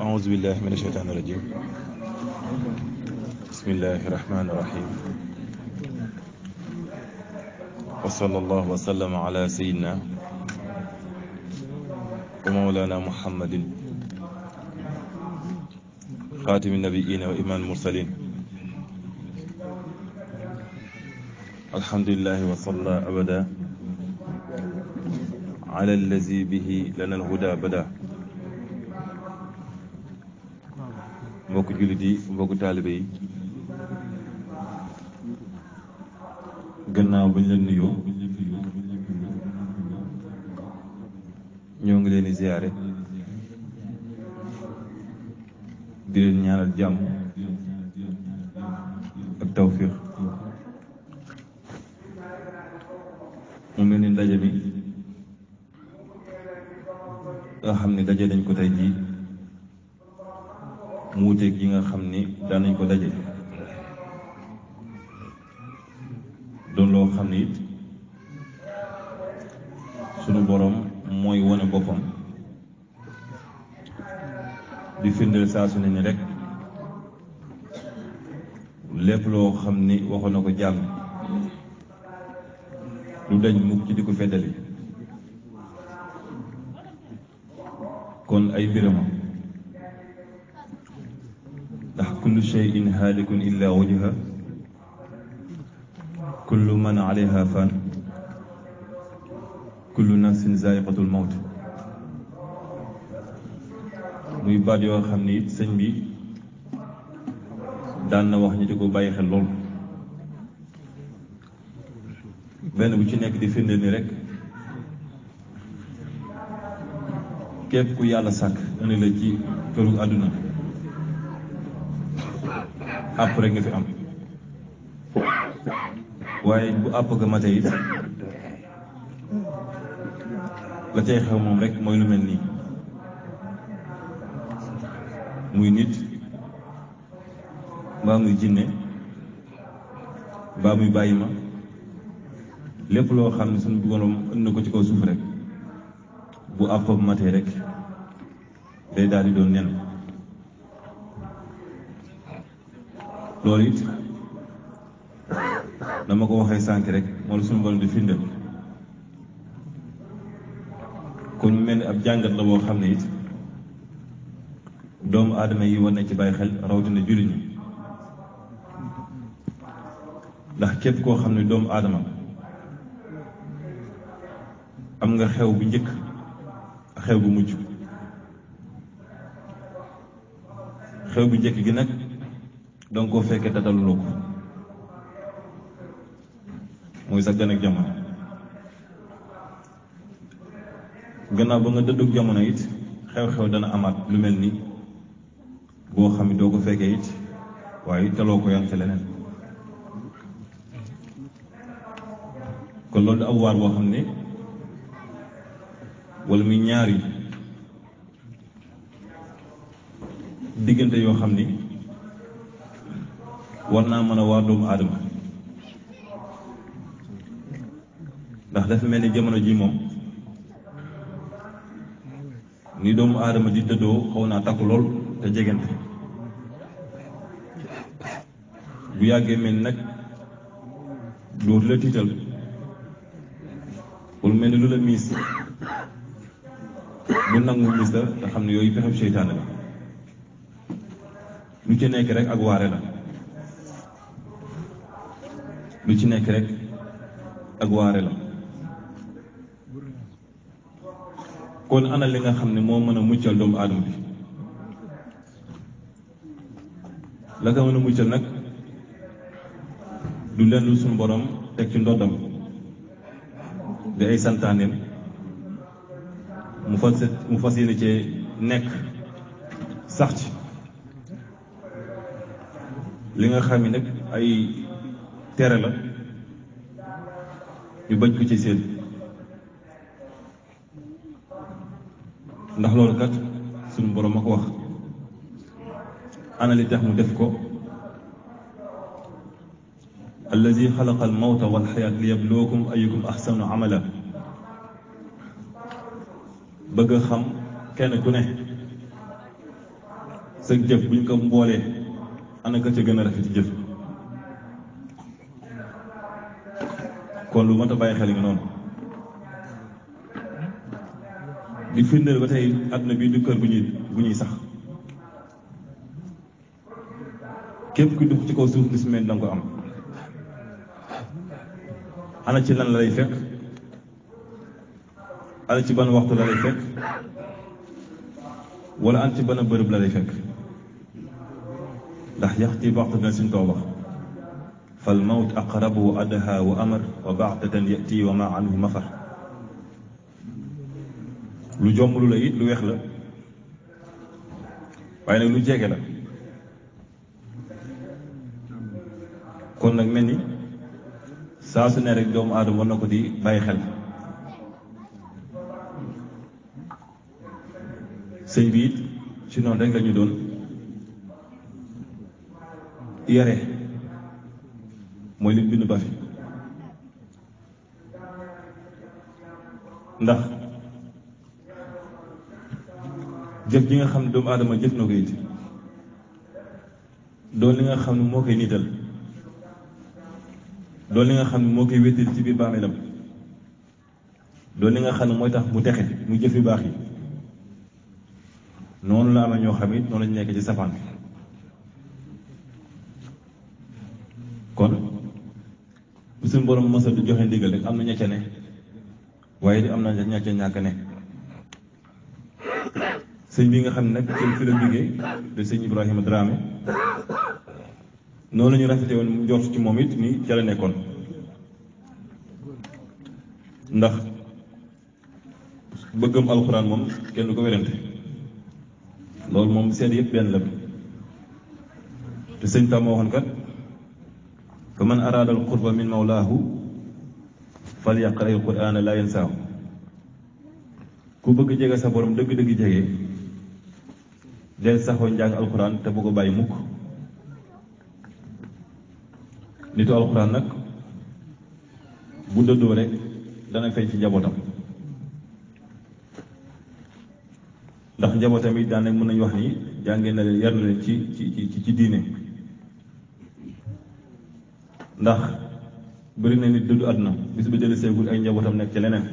أعوذ بالله من الشيطان الرجيم بسم الله الرحمن الرحيم وصلى الله وسلم على سيدنا ومولانا محمد خاتم النبيين وإمام المرسلين الحمد لله وصلى أبدا ala allazi bihi lana alhuda bada mbokk jullit yi mbokk taalibe yi gannaaw bañ leen nuyoo ñoo ngi leen di ziyaare di leen ñaanal jàmm ak tawfiq mu mel ndaje mi xam ni daanañ ko daje doon loo xam ni sunu boroom mooy wone boppam di firndeel saa su ne ni rek lépp loo xam ni waxoon na ko jàmm lu dañ mukk ci di ko feddali kon ay biram كل شيء هالك إلا وجهه كل من عليها فان كل نفس ذائقة الموت muy baat yoo xam ni sëñ bi daan na wax ñu di ko bàyyi xel lool benn bu ci nekk di firnde ni rek képp ku yàlla sàkk indi la ci këru àdduna àpp rek nga fi am waaye bu àpp ga mate it la cay xew moom rek mooy lu mel nii muy nit mbaa muy jinne mbaa muy bàyyi ma lépp loo xam ne suñu borom ënd na ko ci kaw suuf rek bu àppam matee rek day daal doon nen loolu it dama ko waxee sànq rek moom suñu borom di firndeel kon mel ni ab jàngat la boo xam ne it doomu aadama yi war na ci bàyyi xel rawatina jullit ñi ndax képp koo xam ne doomu aadama am nga xew bu njëkk xew bu mujj xew bu njëkk gi nag donc koo fekkee te ko mooy sa gën ak jamono gannaaw ba nga dëddug jamono it xew-xew dana amaat lu mel ni boo xam ne doo ko fekkee it waaye taloo ko yànte leneen kon loolu ab waar boo xam ne wala muy ñaari diggante yoo xam ni war naa mën a waar doomu aadama ndax dafa mel ni jamono ji moom ni doomu aadama di dëddoo xaw naa takku lool te jegante bu yàggee mel ni nag loolu la tiital pour mel ni lu la miis bu nangu miis la te xam ne yooyu pexeb seytaane la lu ci nekk rek ak waare la lu ci nekk rek ak waare la kon ana li nga xam ne moo mën a muccal doomu aadama bi la ko mën a muccal nag du lenn suñu borom teg ci ndoddam di ay santaaneem mu fas mu fas yéene cee nekk sax ci li nga xam ne nag ay téré la ñu bañ ko ci seen ndax loolu kat suñu borom الذي خلق الموت والحياة ليبلوكم أيكم أحسن عملا بغا خم كان كنه سجف جف بنكم بولي أنا كتا جنا رفت جف kon lu mat a bàyyi xel nga noonu di firndeel ba tey àdduna bi du kër gu ñuy gu ñuy sax képp ku dugg ci kaw suuf gis mel danga ko am ana ci lan la lay fekk ana ci ban waxtu la lay fekk wala ana ci ban bërëb la lay fekk ndax yax ci waxtu dina suñ too wax فالموت أقرب وأدهى وأمر وبعد أن يأتي وما عنه مفر لو جملو لا يد لو يخلا باين لو جيغلا كون نك ساس ني دوم ادم مون نكو دي باي شنو عندك لا ني دون يري mooy lim bind ba fi ndax jëf ji nga xam ne doomu aadama jëf na ko it doon li nga xam ne moo koy niital doon li nga xam ne moo koy wéttal ci biir bàmmeelam doon li nga xam ne mooy tax mu texe mu jëf yu baax yi noonu la amee ñoo xam it noonu lañu nekk ci safaan bi suñ borom mës a du joxee ndigal am na ñecca ne waaye di am na ñecca ñàkk ne sëñ bi nga xam ne nag kenn fi la jógee de sëñ Ibrahima Dramé noonu ñu rafete woon mu njort ci moom it ni ca la nekkoon ndax bëggam alxuraan moom kenn du ko werante loolu moom seet yëpp benn la te sëñ Tam waxoon fa man araada al qurba min mawlaahu fal yaqra al quraana laa yansaahu ku bëgg jege sa borom dëgg-dëgg jege del saxoo njàng alquran te bu ko bàyyi mukk nitu alquran nag bu dëddoo rek dana feeñ ci njabootam ndax njabootam yi daanaka mën nañu wax ni jàngee na leen yar leen ci ci ci diine ndax bëri na nit dëddu àdduna bis ba jëlee seegul ay njabootam nekk ci leneen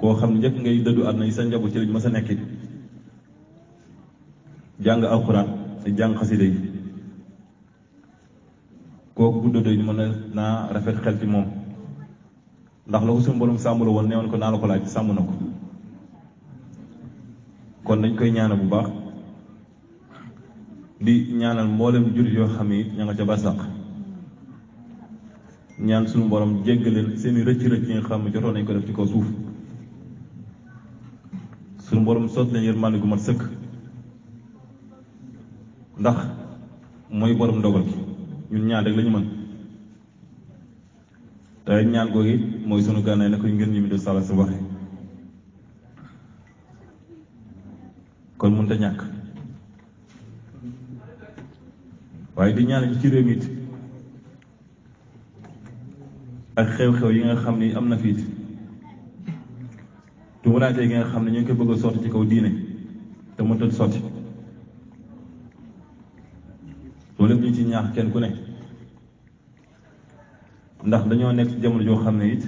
koo xam ne njëkk ngay dëddu àdduna yi sa njaboot ci lañu ma sa nekk it jàng alxuraan te jàng xasida yi kooku bu dëddoo yi mën naa rafet xel ci moom ndax la ko suñu borom sàmm la woon ko naa la ko laaj sàmm na ko kon dañ koy ñaana bu baax di ñaanal mboolem jur yoo xam ne ña nga ca barsàq ñaan sunu borom jéggaleen seeni rëcc-rëcc yi xam ne jotoon nañ ko def ci koo suuf sunu borom soot leen yërmande gu mat sëkk ndax mooy borom dogal ñun ñaan rek la ñu mën te ñaan googu mooy sunu gànnaay na koy ngeen ñu mi def sala si waxe kon mënta ñàkk waaye di ñaanal ci réew mi it ak xew-xew yi nga xam ni am na fiit tumuraante gi nga xam ne ñu koy bëgg a sotti ci kaw diine te mënut sotti loolu lépp ñu ci ñaax kenn ku ne ndax dañoo nekk jamono joo xam ne it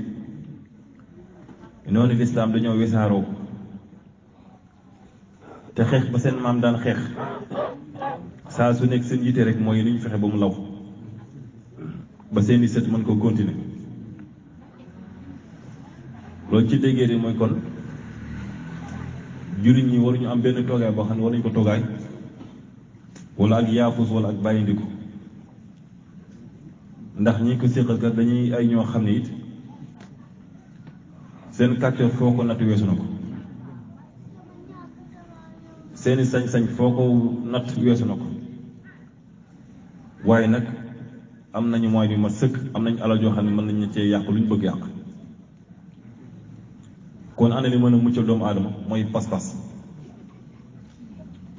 noonu lislaam dañoo wesaaroo te xeex ba seen maam daan xeex saa su nekk seen yitte rek mooy nu ñu fexe ba mu law ba seeni sët mën ko continuer loolu ci déggee mooy kon juriñ ñi waruñu am benn toogaay boo xam ne waruñu ko toogaay wala ak yaafus wala ak bàyyindiku ndax ñi ko séqal kat dañuy ay ñoo xam ne it seen kàccoor foo ko natt weesu na ko seeni sañ-sañ foo ko natt weesu na ko waaye nag am nañu moyen bi ma sëkk am nañu alal joo xam ne mën nañu cee yàq lu ñu bëgg yàq kon ana li mën a muccal doomu aadama mooy pas-pas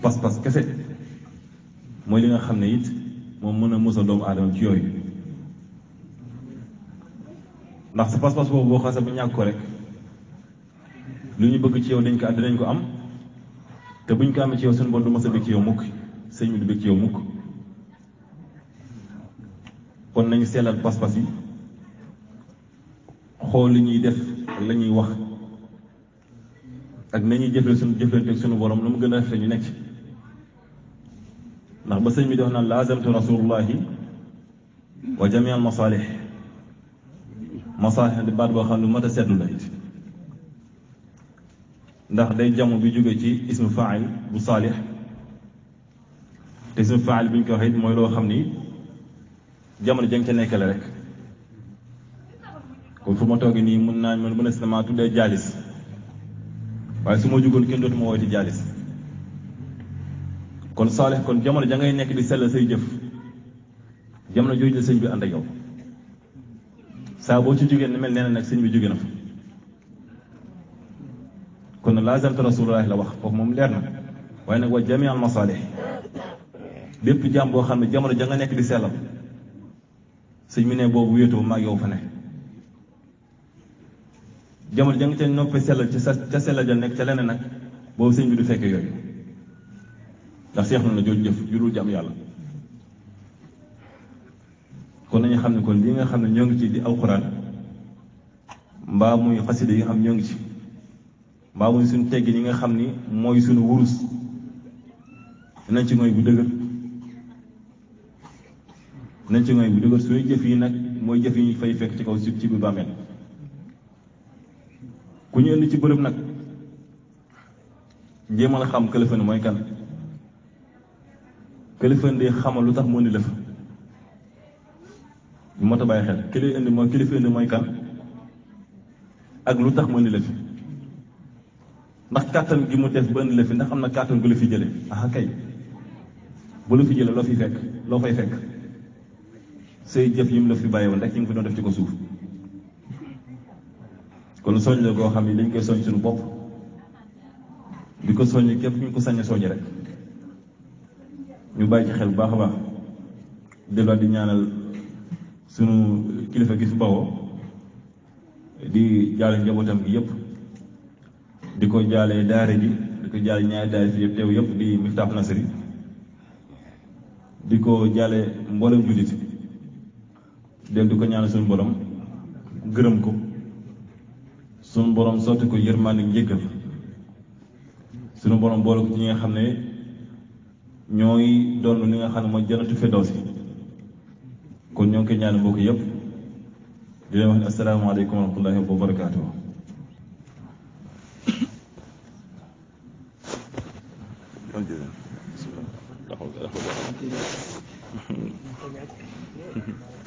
pas-pas kese mooy li nga xam ne it moom mën a musal doomu aadama ci yooyu ndax sa pas-pas boobu boo xasee bu ñàkk ko rek lu ñu bëgg ci yow dañ ko dinañ ko am te buñ ko amee ci yow seen bon du masa sa bëgg ci yow mukk sëñ bi du bëgg ci yow mukk kon nañu sellal pas-pas yi xol li ñuy def ak la ñuy wax ak nañu jëfël suñu jëflante suñu borom lu mu gëna xëñu nekk ndax ba sëñ bi dox na naan laazamtu rasulullah wa jamii al masalih masaalix di baat bo xam ne lu mat a la it ndax day jamu bi jóge ci ismu fa'il bu salih te ismu fa'il bi ñu ko waxee it mooy loo xam ni jamono jang ca nekkale rek kon fu ma toogee nii mën naa mën a si maa tuddee jaalis waaye su ma jugoon kenn dootuma woyati jaalis kon saalix kon jamono ja ngay nekk di sell say jëf jamono jooju la sëñ bi ànd ak yow saa ci jógee ni mel nee na nag sëñ bi jóge na fa kon laazamta rasulullah la wax foofu moom leer na waaye nag wa jami al bépp jàmm boo xam ne jamono ja nga nekk di sellam sëñ bi ne boobu wéetoo maag yow fa ne jamono jang ca noppi sellal ca ca sellal ja nekk ca leneen nag boobu sëñ bi du fekkee yooyu ndax seexlu na jooju jëf jurul dul jàmm yàlla kon nañu xam ne kon lii nga xam ne ñoo ngi ci di alxuraan mbaa mooy xasida yi nga ñoo ngi ci mbaa muy suñu tegg ñi nga xam ni mooy suñu wurus nañ ci mooy bu dëgër nañ ci ngoy bu dëgër suñu jëf yi nag mooy jëf yi fay fekk ci kaw sib ci bi bàmmeel ku ñu indi ci bërëb nag jéemal xam këlëfën mooy kan këlëfën day xamal lu tax mu indi la fa moo ta bàyyi xel kili indi mooy kilifa indi mooy kan ak lu tax mu indi la fi ndax kàttan gi mu def ba indi la fi ndax am na kàttan gu la fi jële ah kay bu la fi jële loo fi fekk loo fay fekk say jëf yi la fi bàyyi woon rek yi nga fi doon def ci ko suuf kon soññ la koo xam ne dañ koy soñ suñu bopp di ko soññ képp ñu ko sañ a rek ñu bàyyi ci xel bu baax a baax delluwaat di ñaanal sunu kilifa gi bawoo di jaale njabootam gi yëpp di ko jaale daara ji di ko jaale ñaari daara ji yëpp teew yëpp di Miftaax Nasri di ko jaale mboolem jullit del di ko ñaanal suñu borom gërëm ko suñu borom sotti ko yërmande njëggal suñu borom boole ko ci ñi nga xam ne ñooy doon li nga xam ne mooy janatu Firdawsi kon ñoo ngi koy ñaan mbokk yëpp di leen wax ne asalaamaaleykum wa rahmatullahi wa barakaatu. Thank